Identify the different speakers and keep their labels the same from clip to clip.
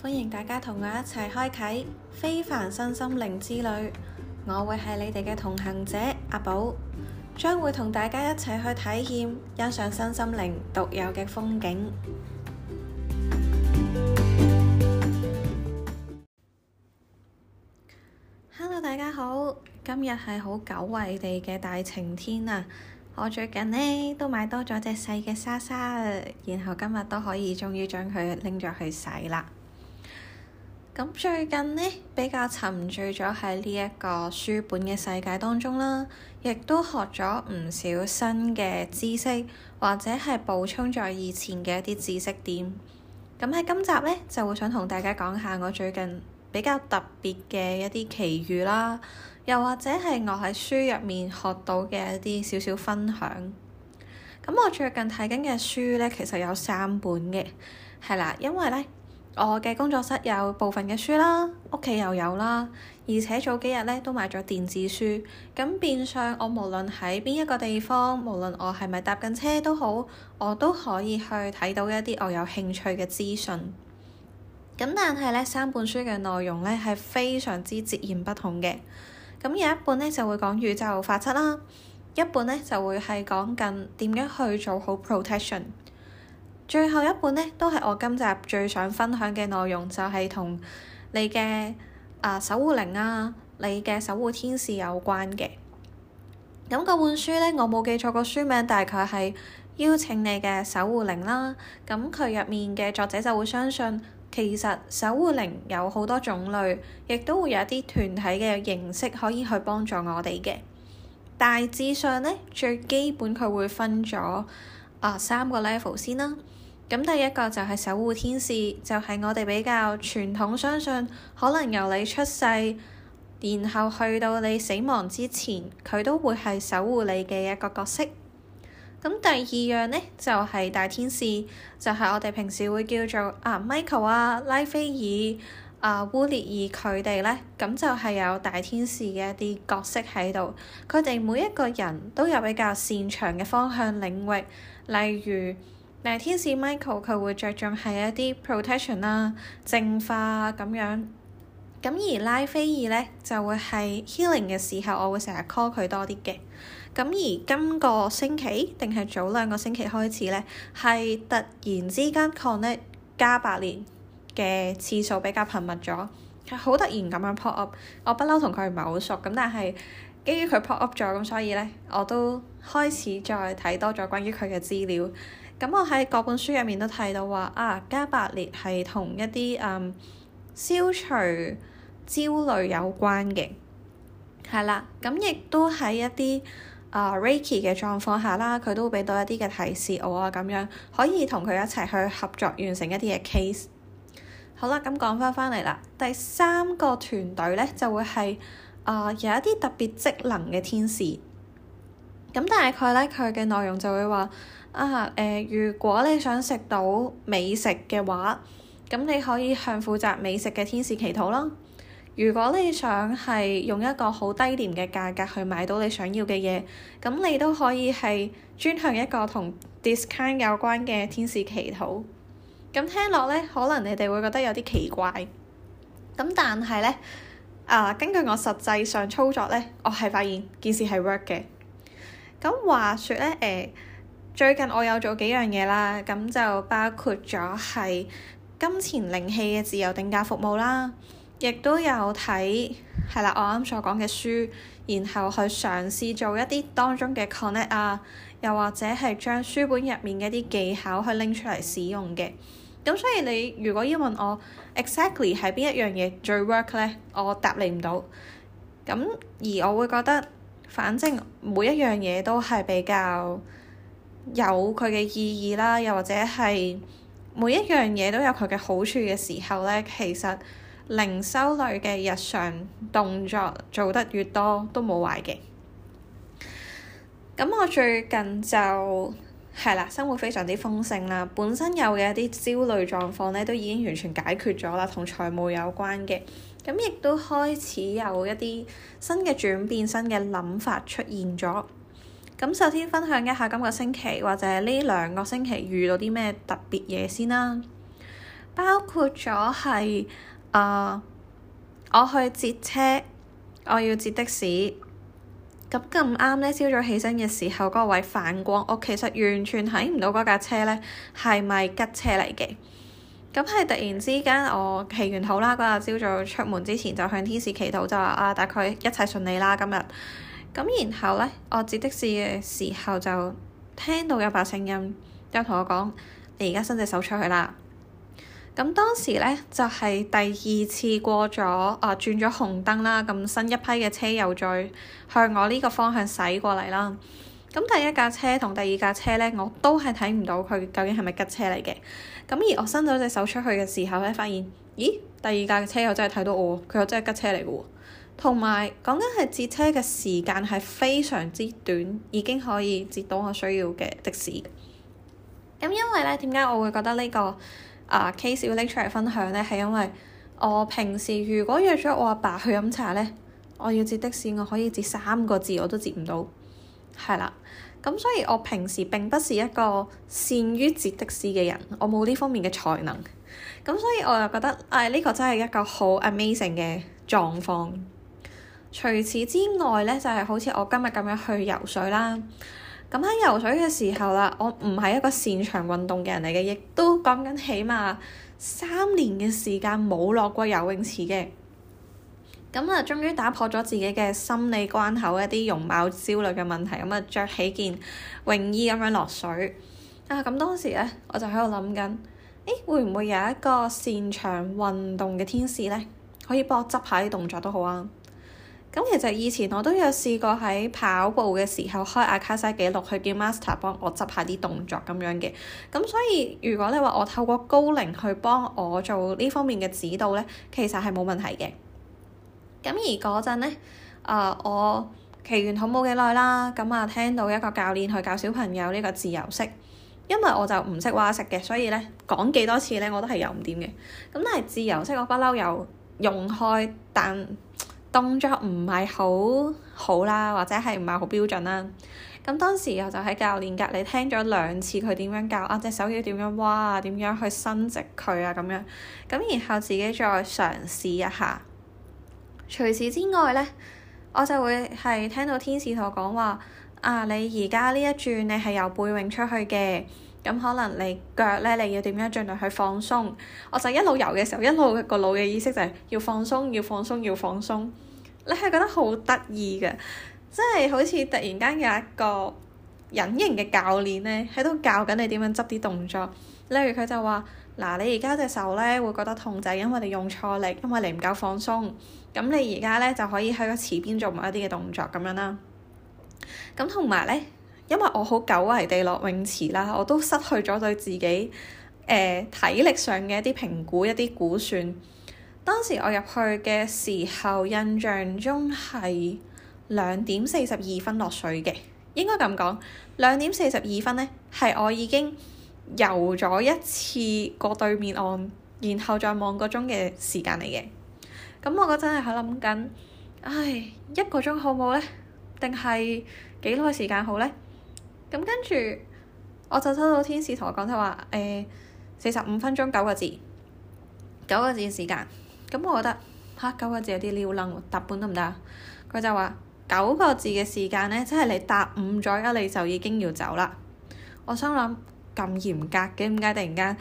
Speaker 1: 歡迎大家同我一齊開啟非凡身心靈之旅，我會係你哋嘅同行者阿寶，將會同大家一齊去體驗欣賞身心靈獨有嘅風景。Hello，大家好，今日係好久違地嘅大晴天啊！我最近呢都買多咗隻細嘅沙沙，然後今日都可以終於將佢拎咗去洗啦。咁最近呢，比較沉醉咗喺呢一個書本嘅世界當中啦，亦都學咗唔少新嘅知識，或者係補充咗以前嘅一啲知識點。咁喺今集呢，就會想同大家講下我最近比較特別嘅一啲奇遇啦，又或者係我喺書入面學到嘅一啲少少分享。咁我最近睇緊嘅書呢，其實有三本嘅，係啦，因為呢。我嘅工作室有部分嘅書啦，屋企又有啦，而且早幾日咧都買咗電子書，咁變相我無論喺邊一個地方，無論我係咪搭緊車都好，我都可以去睇到一啲我有興趣嘅資訊。咁但係咧，三本書嘅內容咧，係非常之截然不同嘅，咁有一本咧就會講宇宙法則啦，一本咧就會係講緊點樣去做好 protection。最後一本呢，都係我今集最想分享嘅內容，就係同你嘅啊守護靈啊，你嘅守護天使有關嘅。咁嗰本書呢，我冇記錯個書名，大概係《邀請你嘅守護靈》啦。咁佢入面嘅作者就會相信，其實守護靈有好多種類，亦都會有一啲團體嘅形式可以去幫助我哋嘅。大致上呢，最基本佢會分咗啊三個 level 先啦。咁第一個就係守護天使，就係我哋比較傳統相信，可能由你出世，然後去到你死亡之前，佢都會係守護你嘅一個角色。咁第二樣呢，就係大天使，就係我哋平時會叫做啊 Michael 啊拉斐爾啊烏列爾佢哋呢，咁就係有大天使嘅一啲角色喺度。佢哋每一個人都有比較擅長嘅方向領域，例如。天使 Michael 佢會着重係一啲 protection 啦、啊、淨化咁、啊、樣，咁而拉斐爾呢，就會係 healing 嘅時候，我會成日 call 佢多啲嘅。咁而今個星期定係早兩個星期開始呢，係突然之間 connect 加百列嘅次數比較頻密咗，佢好突然咁樣 pop up。我不嬲同佢唔係好熟咁，但係基於佢 pop up 咗，咁所以呢，我都開始再睇多咗關於佢嘅資料。咁我喺各本書入面都睇到話啊，加百列係同一啲嗯消除焦慮有關嘅，係啦。咁亦都喺一啲啊 Reiki 嘅狀況下啦，佢都會俾到一啲嘅提示我啊，咁、哦哦、樣可以同佢一齊去合作完成一啲嘅 case。好啦，咁講翻翻嚟啦，第三個團隊咧就會係啊、呃、有一啲特別職能嘅天使。咁大概咧佢嘅內容就會話。啊誒、呃，如果你想食到美食嘅話，咁你可以向負責美食嘅天使祈禱啦。如果你想係用一個好低廉嘅價格去買到你想要嘅嘢，咁你都可以係專向一個同 discount 有關嘅天使祈禱。咁聽落呢，可能你哋會覺得有啲奇怪。咁但係呢、啊，根據我實際上操作呢，我係發現件事係 work 嘅。咁話說呢。誒、呃。最近我有做幾樣嘢啦，咁就包括咗係金錢靈氣嘅自由定價服務啦，亦都有睇，係啦，我啱所講嘅書，然後去嘗試做一啲當中嘅 connect 啊，又或者係將書本入面嘅啲技巧去拎出嚟使用嘅。咁所以你如果要問我 exactly 係邊一樣嘢最 work 呢，我答你唔到。咁而我會覺得，反正每一樣嘢都係比較。有佢嘅意義啦，又或者係每一樣嘢都有佢嘅好處嘅時候咧，其實靈修類嘅日常動作做得越多，都冇壞嘅。咁我最近就係啦，生活非常之豐盛啦，本身有嘅一啲焦慮狀況咧，都已經完全解決咗啦，同財務有關嘅，咁亦都開始有一啲新嘅轉變、新嘅諗法出現咗。咁首先分享一下今個星期或者呢兩個星期遇到啲咩特別嘢先啦，包括咗係啊，我去截車，我要截的士，咁咁啱呢，朝早起身嘅時候嗰個位反光，我其實完全睇唔到嗰架車呢係咪吉車嚟嘅，咁係突然之間我祈完禱啦，嗰日朝早出門之前就向天使祈禱，就話啊，大概一切順利啦今日。咁然後呢，我截的士嘅時候就聽到有把聲音，又同我講：你而家伸隻手出去啦。咁當時呢，就係、是、第二次過咗啊，轉咗紅燈啦。咁新一批嘅車又再向我呢個方向駛過嚟啦。咁第一架車同第二架車呢，我都係睇唔到佢究竟係咪吉車嚟嘅。咁而我伸咗隻手出去嘅時候呢，發現咦，第二架嘅車又真係睇到我，佢又真係吉車嚟嘅喎。同埋講緊係截車嘅時間係非常之短，已經可以截到我需要嘅的，的士。咁因為咧，點解我會覺得呢、這個啊、uh, case 要拎出嚟分享咧？係因為我平時如果約咗我阿爸，爸去飲茶咧，我要截的士，我可以截三個字我都截唔到，係啦。咁所以我平時並不是一個善於截的士嘅人，我冇呢方面嘅才能。咁所以我又覺得誒呢、哎呢個真係一個好 amazing 嘅狀況。除此之外咧，就係好似我今日咁樣去游水啦。咁喺游水嘅時候啦，我唔係一個擅長運動嘅人嚟嘅，亦都講緊起碼三年嘅時間冇落過游泳池嘅。咁啊，終於打破咗自己嘅心理關口，一啲容貌焦慮嘅問題，咁啊着起件泳衣咁樣落水。啊，咁當時咧，我就喺度諗緊，誒會唔會有一個擅長運動嘅天使咧，可以幫我執下啲動作都好啊！咁其實以前我都有試過喺跑步嘅時候開阿卡西記錄，去叫 Master 幫我執下啲動作咁樣嘅。咁所以如果你話我透過高靈去幫我做呢方面嘅指導呢，其實係冇問題嘅。咁而嗰陣咧，啊、呃、我期完好冇幾耐啦，咁啊聽到一個教練去教小朋友呢個自由式，因為我就唔識蛙式嘅，所以呢，講幾多次呢，我都係游唔掂嘅。咁但係自由式我不嬲有用開，但動作唔係好好啦，或者係唔係好標準啦。咁當時我就喺教練隔籬聽咗兩次佢點樣教啊，隻手要點樣挖啊，點樣去伸直佢啊咁樣。咁然後自己再嘗試一下。除此之外呢，我就會係聽到天使同我講話啊，你而家呢一轉你係由背泳出去嘅。咁可能你腳咧，你要點樣盡量去放鬆？我就一路游嘅時候，一路個腦嘅意識就係要放鬆，要放鬆，要放鬆。你係覺得好得意嘅，即係好似突然間有一個隱形嘅教練咧，喺度教緊你點樣執啲動作。例如佢就話：嗱，你而家隻手咧，會覺得痛，就係因為你用錯力，因為你唔夠放鬆。咁你而家咧就可以喺個池邊做某一啲嘅動作咁樣啦。咁同埋咧。因為我好久違地落泳池啦，我都失去咗對自己誒、呃、體力上嘅一啲評估、一啲估算。當時我入去嘅時候，印象中係兩點四十二分落水嘅，應該咁講。兩點四十二分呢係我已經游咗一次過對面岸，然後再望個鐘嘅時間嚟嘅。咁我嗰陣係喺諗緊，唉，一個鐘好冇呢？定係幾耐時間好呢？咁跟住，我就收到天使同我講，佢話誒四十五分鐘九個字，九個字時間。咁、嗯、我覺得嚇九、啊、個字有啲撩冷喎，答半得唔得啊？佢就話九個字嘅時間咧，即係你答五咗，你就已經要走啦。我心諗咁嚴格嘅，點解突然間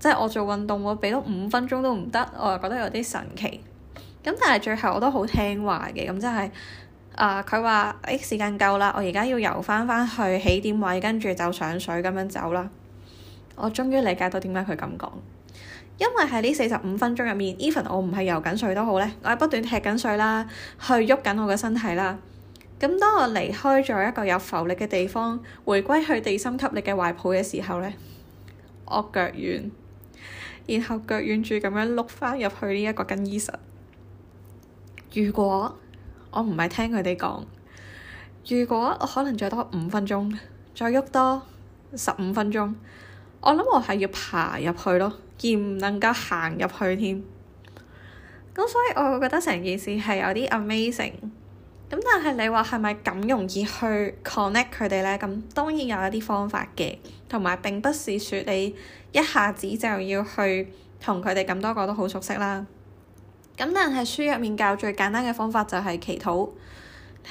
Speaker 1: 即係我做運動，我俾多五分鐘都唔得，我又覺得有啲神奇。咁、嗯、但係最後我都好聽話嘅，咁、嗯、即係。啊！佢話：哎，時間夠啦，我而家要游翻翻去起點位，跟住就上水咁樣走啦。我終於理解到點解佢咁講，因為喺呢四十五分鐘入面，even 我唔係游緊水都好咧，我係不斷踢緊水啦，去喐緊我個身體啦。咁當我離開咗一個有浮力嘅地方，回歸去地心吸力嘅懷抱嘅時候咧，我腳軟，然後腳軟住咁樣碌翻入去呢一個更衣室。如果我唔係聽佢哋講。如果我可能再多五分鐘，再喐多十五分鐘，我諗我係要爬入去咯，而唔能夠行入去添。咁所以我會覺得成件事係有啲 amazing。咁但係你話係咪咁容易去 connect 佢哋咧？咁當然有一啲方法嘅，同埋並不是說你一下子就要去同佢哋咁多個都好熟悉啦。咁但係書入面教最簡單嘅方法就係祈禱，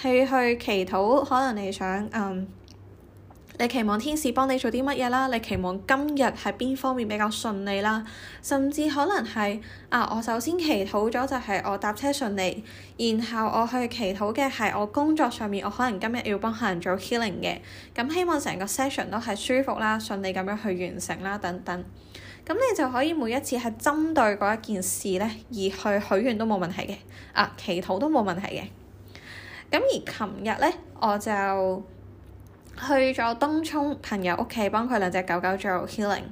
Speaker 1: 係去祈禱，可能你想嗯。你期望天使幫你做啲乜嘢啦？你期望今日係邊方面比較順利啦？甚至可能係啊，我首先祈禱咗就係我搭車順利，然後我去祈禱嘅係我工作上面，我可能今日要幫客人做 healing 嘅，咁、啊、希望成個 session 都係舒服啦、順利咁樣去完成啦等等。咁你就可以每一次係針對嗰一件事咧而去許願都冇問題嘅，啊祈禱都冇問題嘅。咁而琴日咧我就～去咗東涌朋友屋企幫佢兩隻狗狗做 healing，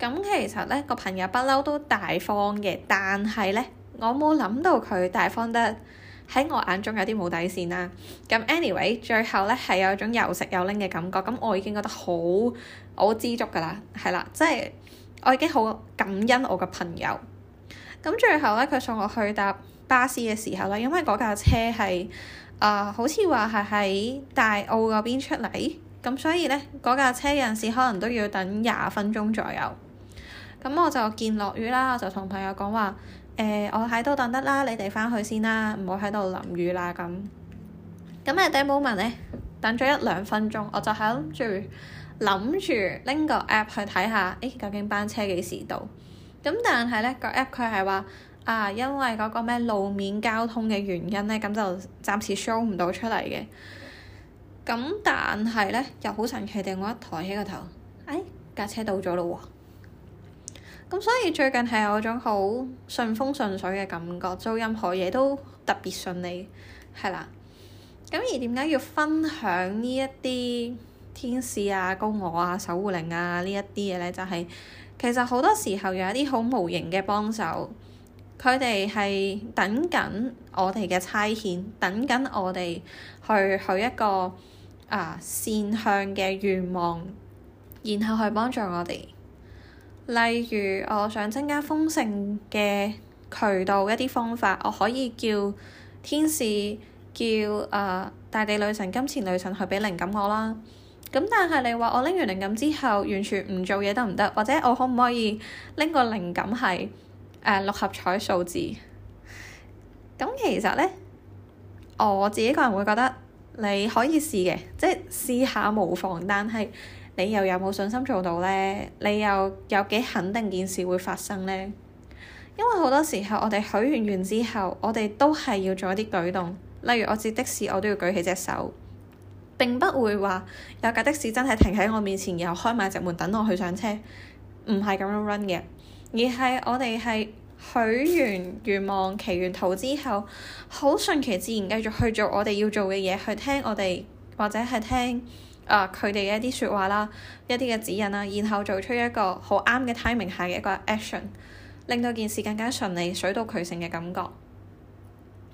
Speaker 1: 咁其實呢個朋友不嬲都大方嘅，但係呢，我冇諗到佢大方得喺我眼中有啲冇底線啦、啊。咁 anyway，最後呢係有種又食又拎嘅感覺，咁我已經覺得好我知足㗎喇，係啦，即係我已經好感恩我嘅朋友。咁最後呢，佢送我去搭巴士嘅時候呢，因為嗰架車係啊，uh, 好似話係喺大澳嗰邊出嚟，咁所以呢，嗰架車有陣時可能都要等廿分鐘左右。咁我就見落雨啦，我就同朋友講話：誒、欸，我喺度等得啦，你哋翻去先啦，唔好喺度淋雨啦。咁，咁誒，第一 moment 呢，等咗一兩分鐘，我就係諗住諗住拎個 app 去睇下，誒、欸，究竟班車幾時到？咁但係呢，個 app 佢係話。啊，因為嗰個咩路面交通嘅原因咧，咁就暫時 show 唔到出嚟嘅。咁但係咧，又好神奇地，我一抬起個頭，唉、哎，架車到咗咯喎。咁所以最近係有種好順風順水嘅感覺，做任何嘢都特別順利，係啦。咁而點解要分享呢一啲天使啊、高我啊、守護靈啊呢一啲嘢咧？就係、是、其實好多時候有一啲好無形嘅幫手。佢哋係等緊我哋嘅差遣，等緊我哋去去一個啊呃、善向嘅願望，然後去幫助我哋。例如，我想增加豐盛嘅渠道，一啲方法，我可以叫天使、叫啊、呃、大地女神、金錢女神去俾靈感我啦。咁但係你話我拎完靈感之後，完全唔做嘢得唔得？或者我可唔可以拎個靈感係？Uh，六合彩數字，咁其實呢，我自己個人會覺得你可以試嘅，即係試下無妨。但係你又有冇信心做到呢？你又有幾肯定件事會發生呢？因為好多時候我哋許完願之後，我哋都係要做一啲舉動。例如我截的士，我都要舉起隻手。並不會話有架的士真係停喺我面前，然後開埋隻門等我去上車，唔係咁樣 run 嘅。而係我哋係許完願望、祈完禱之後，好順其自然繼續去做我哋要做嘅嘢，去聽我哋或者係聽啊佢哋嘅一啲説話啦，一啲嘅指引啦，然後做出一個好啱嘅 timing 下嘅一個 action，令到件事更加順利、水到渠成嘅感覺。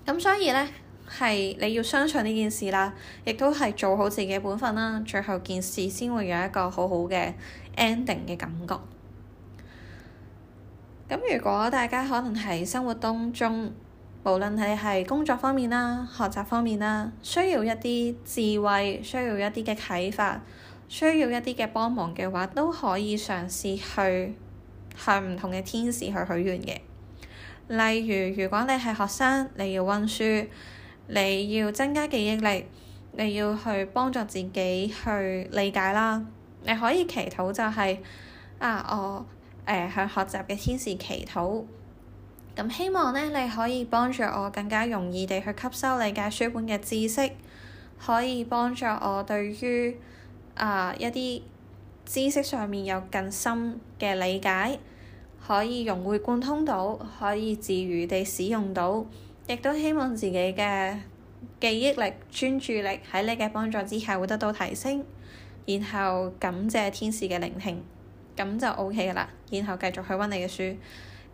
Speaker 1: 咁所以呢，係你要相信呢件事啦，亦都係做好自己嘅本分啦，最後件事先會有一個好好嘅 ending 嘅感覺。咁如果大家可能喺生活當中，無論係係工作方面啦、學習方面啦，需要一啲智慧，需要一啲嘅啟發，需要一啲嘅幫忙嘅話，都可以嘗試去向唔同嘅天使去許願嘅。例如，如果你係學生，你要溫書，你要增加記憶力，你要去幫助自己去理解啦，你可以祈禱就係、是、啊我。向學習嘅天使祈禱，咁希望呢，你可以幫助我更加容易地去吸收你嘅書本嘅知識，可以幫助我對於啊、呃、一啲知識上面有更深嘅理解，可以融會貫通到，可以自如地使用到，亦都希望自己嘅記憶力、專注力喺你嘅幫助之下會得到提升，然後感謝天使嘅聆聽。咁就 OK 嘅啦，然後繼續去温你嘅書。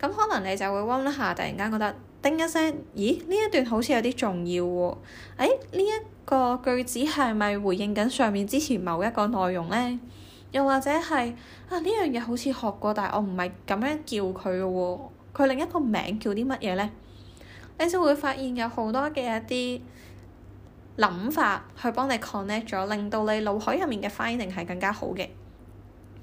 Speaker 1: 咁可能你就會温一下，突然間覺得叮一聲，咦呢一段好似有啲重要喎、誒。呢一個句子係咪回應緊上面之前某一個內容呢？又或者係啊呢樣嘢好似學過，但係我唔係咁樣叫佢嘅喎，佢另一個名叫啲乜嘢呢？你先會發現有好多嘅一啲諗法去幫你 connect 咗，令到你腦海入面嘅 finding 係更加好嘅。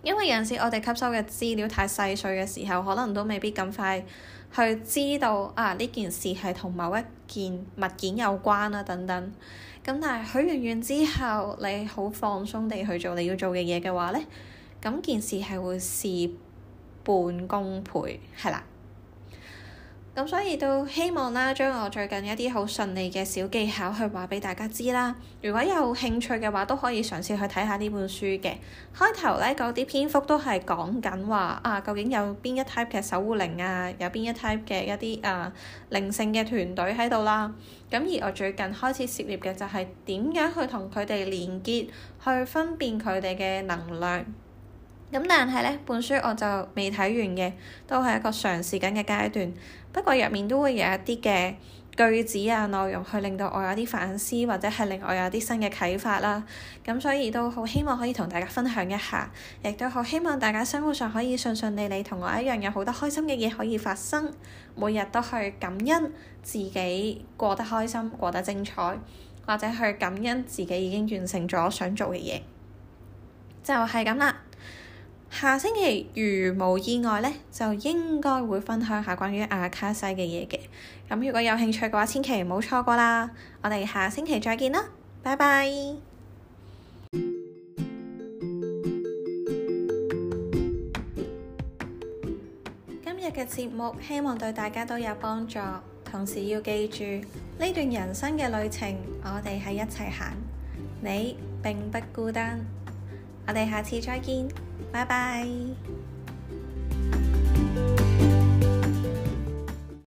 Speaker 1: 因為有陣時我哋吸收嘅資料太細碎嘅時候，可能都未必咁快去知道啊呢件事係同某一件物件有關啊等等。咁但係許完願之後，你好放鬆地去做你要做嘅嘢嘅話咧，咁件事係會事半功倍，係啦。咁所以都希望啦，將我最近一啲好順利嘅小技巧去話俾大家知啦。如果有興趣嘅話，都可以嘗試去睇下呢本書嘅開頭咧，嗰啲篇幅都係講緊話啊，究竟有邊一 type 嘅守護靈啊，有邊一 type 嘅一啲啊靈性嘅團隊喺度啦。咁而我最近開始涉獵嘅就係點樣去同佢哋連結，去分辨佢哋嘅能量。咁但係呢本書我就未睇完嘅，都係一個嘗試緊嘅階段。不過入面都會有一啲嘅句子啊，內容去令到我有啲反思，或者係令我有啲新嘅啟發啦。咁所以都好希望可以同大家分享一下，亦都好希望大家生活上可以順順利利，同我一樣有好多開心嘅嘢可以發生。每日都去感恩自己過得開心、過得精彩，或者去感恩自己已經完成咗想做嘅嘢，就係咁啦。下星期如無意外咧，就應該會分享下關於阿卡西嘅嘢嘅。咁如果有興趣嘅話，千祈唔好錯過啦！我哋下星期再見啦，拜拜！今日嘅節目希望對大家都有幫助，同時要記住呢段人生嘅旅程，我哋喺一齊行，你並不孤單。我哋下次再見，拜拜。